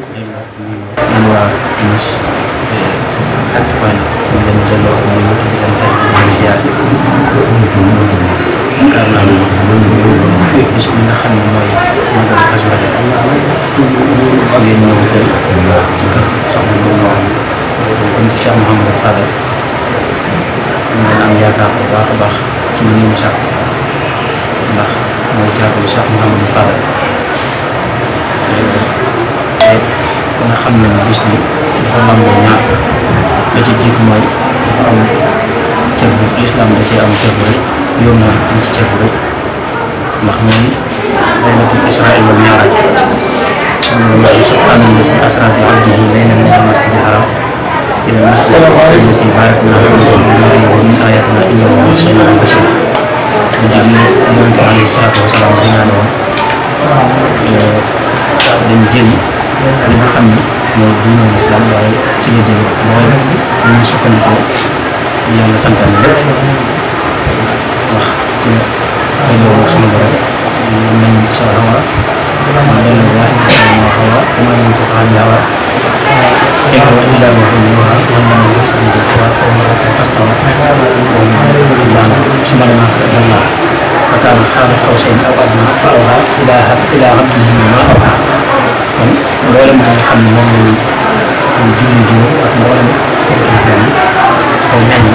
dua jenis kan cuma kemudian belok dulu dan saya Indonesia karena Bismillah kan mulai modal kasuara dia novel juga sama Allah untuk Syah Muhammad Fadil maanaam yaakaar bu baax a baax ci mu leen ndax mooy jaabu Syah Muhammad Fadil waaye ku ne xam ne bi dafa lamboo ñaar la ci jiitu mooy dafa am cër bu lislaam da cee am cër bu yoon na am ci cër bu rëy ndax mooy laylatul israa wal mi'raaj الله سبحانه الذي أسرى بعبده ليلا من المسجد الحرام إلى المسجد الأقصى li nga xam ne mooy diine lislaam ci la jële mooy li ñu sukkandikoo yàlla santaane lépp wax ci la dajoo ak sunu borom moom nañ sa hawa ma dalla zahir ma hawa ma yantiqu an hawa إن هو إلا وحي يوحى وإنما هو سبيل الدعاء فأمرت فاستوى وهم فقدانا ثم لما فقد kon mboolem daal xam ne moom lañu ñu julli di wër ak mboolem tënk islam yi dafay mel ni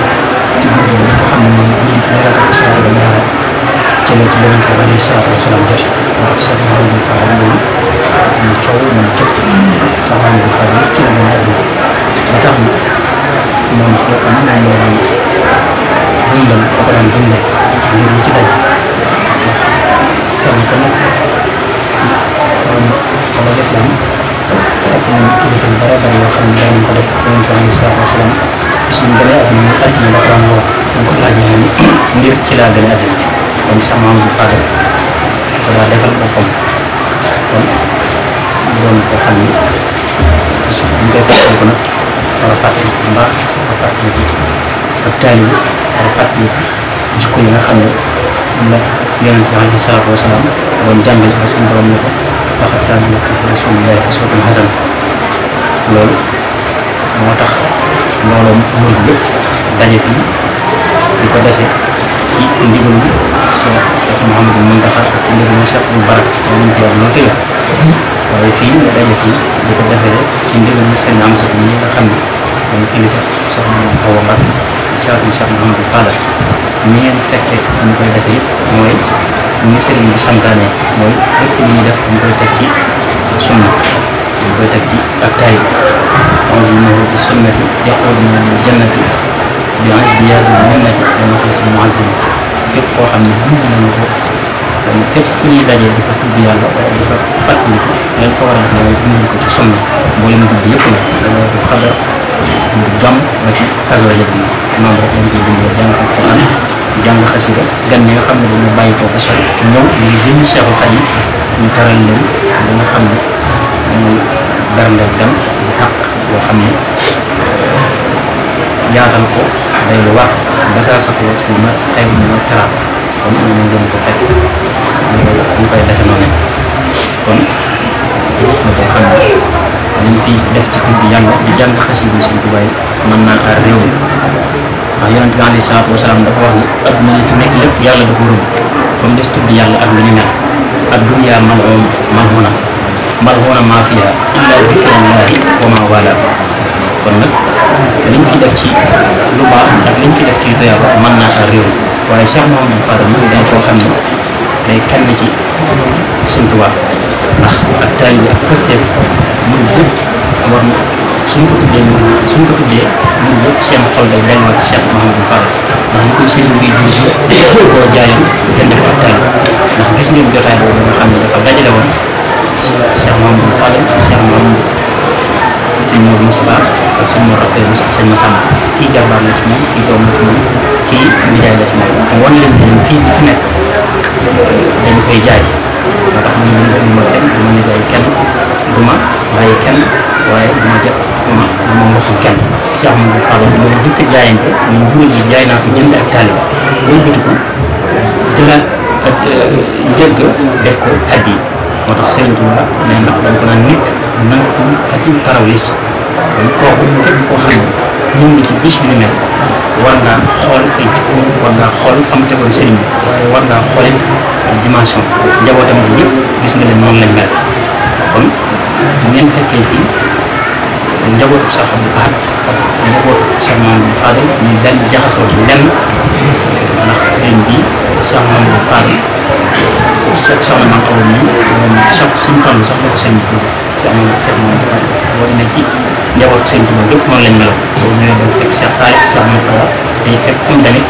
ci guddi gi nga xam ne moom guddi leeratal islam la ñaara ci la ci yonente bi alayhi salaatu wa salaam jote moo tax Cheikh Mouhamadou Fadal moom mu coow mu cëpp Cheikh Mouhamadou Fadal ci la gën a àddina ba tax na moom ci boppam moom la daan dundal ba ko daan dundal ngir li ci daj biir ci laa a addina kon doon ko xam ni bis bu jikko yi nga xam ne moom la yonent bi alayhi salaatu wa salaam doon ko laqad kaana lakum loolu moo tax mbooloo murid yëpp daje fii di ko defee ci ndigalu Cheikh Cheikh Mouhamadou Mountakha ak ci ndigalu Cheikh Abdou Barak moom lañ fi wax noonu tëjee waaye fii ñu daje fii di ko defee ci ndigalu seen amsat mi nga xam ne mooy kilifa soxna Awa Mbacke caatum Cheikh Mouhamadou Fadal ni ngeen fekkee ñu koy defee mooy ni sëriñ bi santaane mooy lépp lu ñuy def dañ koy teg ci sunna dañ koy teg ci ak taay. tanzimuhu bi sunnati yaxuudu min al jannati bi asbiyaat bi mën na ci ay maxlis muazzim képp koo xam ne dund nañu ko fépp fu ñuy dajee di fa tudd yàlla wala di fa ko lañ a def loolu dund ko ci na noonu rek lañ koy dundee jàng alquran jàng xasida xam ne dañu xam ne dañuy berndeel dem di xàq boo xam ne yaatal ko day lu war ba saa soxla ci ma ay mu ma teraat kon kon gis na ne li fi def ci tur bi yàlla di jàng xasida Sëriñ Tuubaa yi mën naa aar réew mi waaw yonent bi aleyhi salaatu wa salaam dafa fi nekk lépp yàlla da ko rëbb ba mu des tudd maa fiha kon nag liñ fi def ci lu baax ak liñ fi def ci tuyaaba mën naa sa réew waaye Cheikh Mouhamadou Fadal mu ngi day foo xam ne day kenn ci Sëñ Tuubaa ndax ak taalibe ak Pastef mun bëpp war na suñ ko tuddee mun suñ ko gis ngeen sëñ Mor Moustapha ak sëñ Mor Abdoulaye Moussa sëñ Massamba kii jarbaar la ci kii doom kii nijaay la ci moom xam fii li fi nekk dañ koy jaay moo tax man mën duma kenn duma nijaay kenn waaye duma jëpp duma duma kenn si am na Fallou moom jëkk jaayante man juróom jaay naa ko jënd ak taalibe wëlbatiku jëlaat ak euh, jëgg def ko addi moo tax Serigne Touba nee na dañ ko naan nekk man ak yu tarawis kon kooku képp koo xam ne ci bis yu ni mel war ngaa xool ay jikkoom xool fa mu tegoon waaye war ngaa xoolit dimension njabootam bi yëpp gis nga leen noonu lañ mel kon bu fekkee fii njabootu sax bu baax njabootu sax maam bu bi sax maam Cheikh Sall man aw ñu Cheikh Seigne Fall sax la ko seen tudd ci am Cheikh Mom Fall boo demee ci njaboot Seigne Touba yëpp noonu lañ meloo boo ñëwee doo fekk Cheikh Sall Cheikh Moustapha dañuy fekk fu mu demee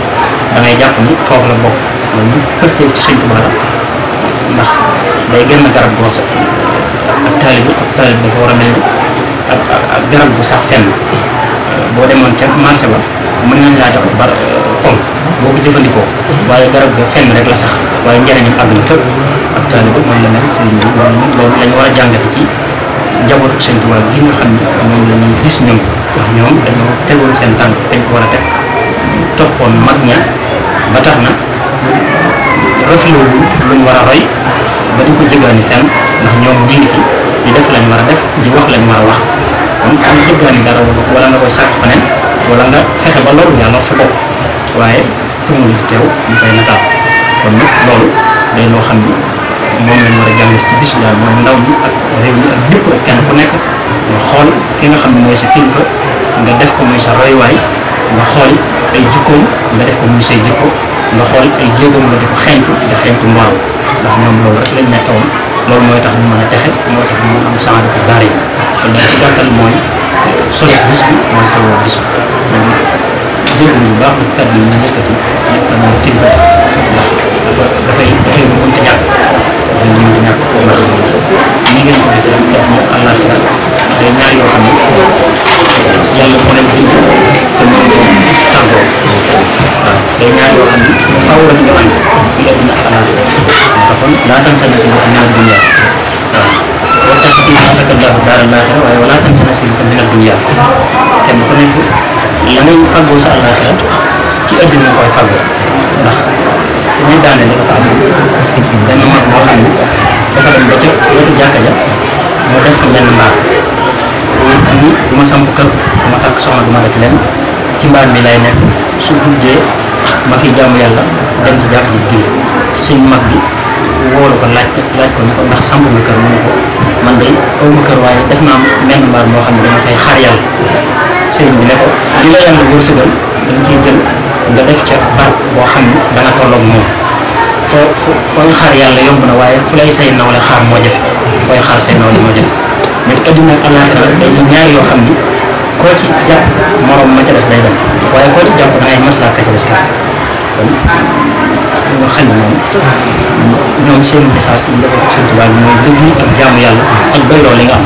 da ngay jàpp ni foofu la bokk loolu pësté ci Seigne Touba la ndax day genn garab boo sa ak taalibi ak taalibi dafa war a mel ni ak ak garab bu sax fenn boo demoon ca marché ba mën nañ boppam boo ko jëfandikoo waaye garab ga fenn rek la sax waye njëriñam àgg na fepp ak taalibe mom la nek sëriñ bi moom loolu la ñu war a jàngate ci njabootu sëriñ Tuubaa gi nga xam ne moom la ñu gis ñoom ndax ñoom dañoo tegoon seen tànk fañ ko war a teg toppoon mag ña ba tax na rafloowu luñ war a roy ba di ko fenn ndax fi di def def di wax wax kon ñu dara wala nga wala nga ba waaye tuuma teew ñu koy nataal kon nag loolu day loo xam ni moom lañ war a ci bis bi daal mooy nga xool ki nga xam ne mooy sa kilifa nga def ko muy sa waay nga xool ay jikkoom nga def ko muy say jikko nga xool ay jéegoom nga di ko xeeñtu di xeeñtu morom ndax ñoom loolu rek lañ nekkoon loolu mooy tax ñu mën a texe mooy tax ñu mën a am saxaar ci daara yi ci gàttal mooy euh, solos bis bi mooy solo bis bi tahun lu baax ini, tax fii ma fekkal laahu daaral laaxira waaye wala tansa nasiibaka mina dunya kenn ku nekk la ngay sa àllaaxira ci àddina koy fàggoo ndax fi muy daaneel dafa am benn mag boo xam ne dafa dem ba ca wetu jàkka ja mu def fa benn mbaar mu samp kër du ma takk soxna du def lenn ci mbaar mi lay nekk su guddee ma fi jaamu yàlla dem ci jàkka ji julli suñ mag bi wóolu ko laaj laaj ko ni ko ndax samp kër mu ko man de aw kër waaye def naa menn mbaar moo xam ne dama fay xaar yàlla sëriñ bi ne ko li la yàlla wërsëgal dañ ciy jël nga def ca barab boo xam ne danga tolloog moom foo foo fooy xaar yàlla yomb na waaye fu lay say nawle xaar moo jafe fooy xaar say nawle moo jafe mais adduna ak àllaaxira day ñaar yoo xam ni koo ci jàpp morom ma ca des day dem waaye koo ci jàpp dangay maslaa ka ca des nga xam ne moom ñoom seen message ñu defal ko Sëriñ Tuubaa mooy dëgg ak jaamu yàlla ak doyloo li nga am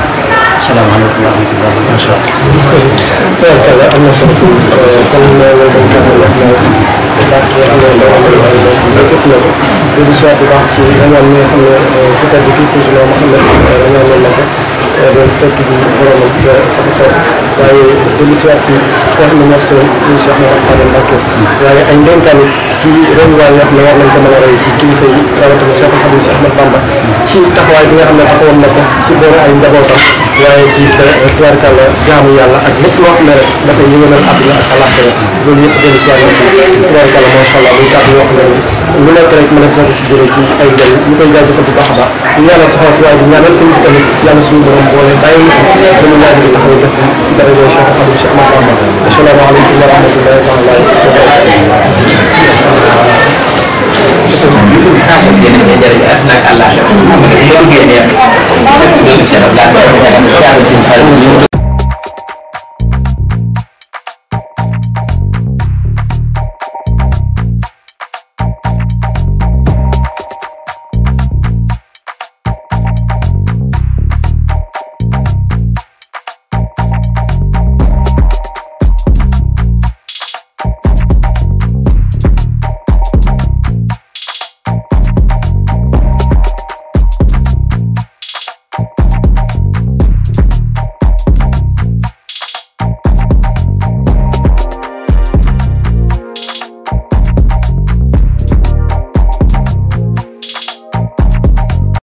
salaamaaleykum wa rahmatulah. macha allah. tey ak kàlla am na solo. kon ñu ngi lay doon kàlla ak yow. ndax ñu am na loo xam ne moom mooy fëtt na ko. di gis waat bu baax ci ñoom ñi nga xam ne ku tedd kii si ginnaaw ma xam ne ñoom ñoo nekk. doon fekk bi borom ak fa ko soog. waaye di gis waat ci koo xam ne ñoo fi ñu Cheikh Mouhamed Fadel Mbacké. waaye ay ndénkaan ci ren waa ñoo xam ne war nañ ko mën a roy ci kilifa yi rawatina Cheikh Xadim Cheikh Ahmed Bamba. ci taxawaay bi nga xam ne taxawoon na ko ci boole ay njabootam. waaye ci tubaarkàlla jaamu yàlla ak lépp loo xam ne rek dafay yëngal àdduna ak alaxira loolu yëpp dellu si wàllu si tubaarkàlla macha allah muy kàddu yoo xam ne lu nekk rek mënees na ko ci jëlee ci ay jël ñu koy jaajëfal bu baax a baax ñu ñaanal soxna si waaye di ñaanal seen bi tamit yàlla suñu borom boole bàyyi ñu fi dañu laaj li nga xam ne def dara yooyu Cheikh Ahmadou Cheikh Mahmoud asalaamaaleykum wa rahmatullahi wa rahmatullahi wa barakatuh ci a bopp yëpp nga xam ne njëriñ ak àllaaxira xam nga bu ma duggee neex dëkk bi